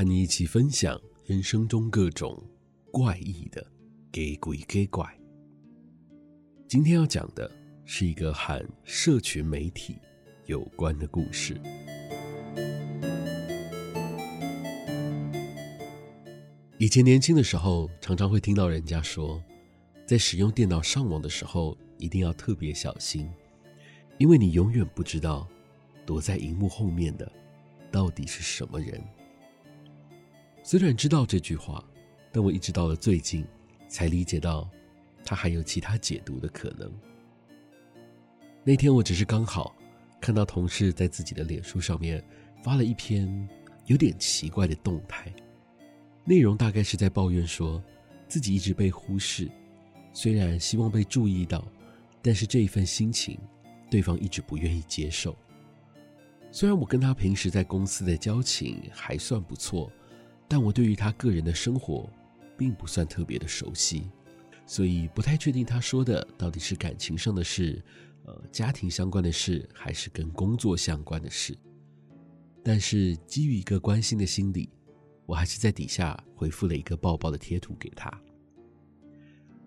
和你一起分享人生中各種怪異的講鬼講怪。今天要講的是一個和社群媒體有關的故事。以前年輕的時候，常常會聽到人家說，在使用電腦上網的時候，一定要特別小心，因為你永遠不知道躲在熒幕後面的到底是什麼人。雖然知道這句話，但我一直到了最近才理解到，他還有其他解讀的可能。那天我只是剛好看到同事在自己的臉書上面發了一篇有點奇怪的動態，內容大概是在抱怨說自己一直被忽視，雖然希望被注意到，但是這一份心情對方一直不願意接受。雖然我跟他平時在公司的交情還算不錯。但我對於他個人的生活，並不算特別的熟悉，所以不太確定他說的到底是感情上的事，呃，家庭相關的事，還是跟工作相關的事。但是基於一個關心的心理，我還是在底下回復了一個抱抱的貼圖給他。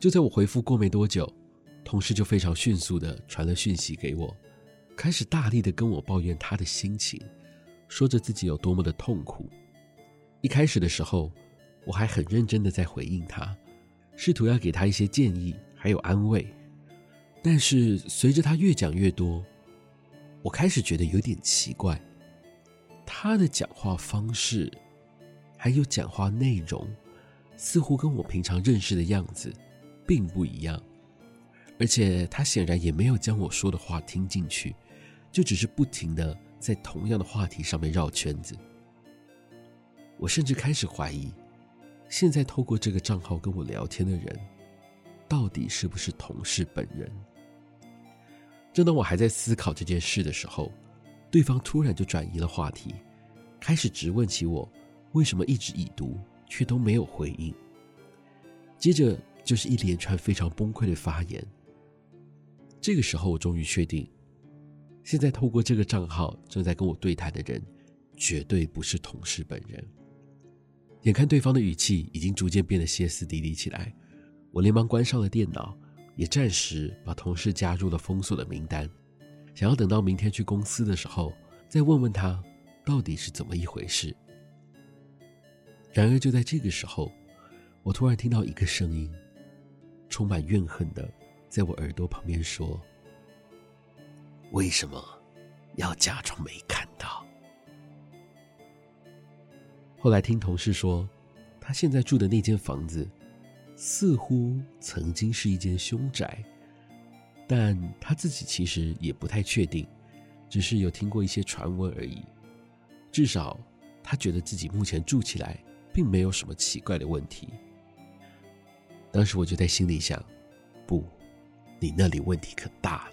就在我回復過沒多久，同事就非常迅速的傳了訊息給我，開始大力的跟我抱怨他的心情，說着自己有多麼的痛苦。一開始的時候，我還很認真的在回應他，試圖要給他一些建議，還有安慰。但是隨着他越講越多，我開始覺得有點奇怪，他的講話方式，還有講話內容，似乎跟我平常認識的樣子，並不一樣。而且他顯然也沒有將我說的話聽進去，就只是不停的在同樣的話題上面繞圈子。我甚至開始懷疑，現在透過這個賬號跟我聊天的人，到底是不是同事本人？正當我還在思考這件事的時候，對方突然就轉移了話題，開始質問起我為什麼一直已讀卻都沒有回應。接着就是一連串非常崩潰的發言。這個時候，我終於確定，現在透過這個賬號正在跟我對談的人，絕對不是同事本人。眼看對方的語氣已經逐漸變得歇斯底里起來，我連忙關上了電腦，也暫時把同事加入了封鎖的名單，想要等到明天去公司的時候，再問問他到底是怎麼一回事。然而就在這個時候，我突然聽到一個聲音，充滿怨恨的在我耳朵旁邊說：“為什麼要假裝沒看？”後來聽同事說，他現在住的那間房子，似乎曾經是一間凶宅，但他自己其實也不太確定，只是有聽過一些傳聞而已。至少他覺得自己目前住起來並沒有什麼奇怪的問題。當時我就在心裡想，不，你那裡問題可大了。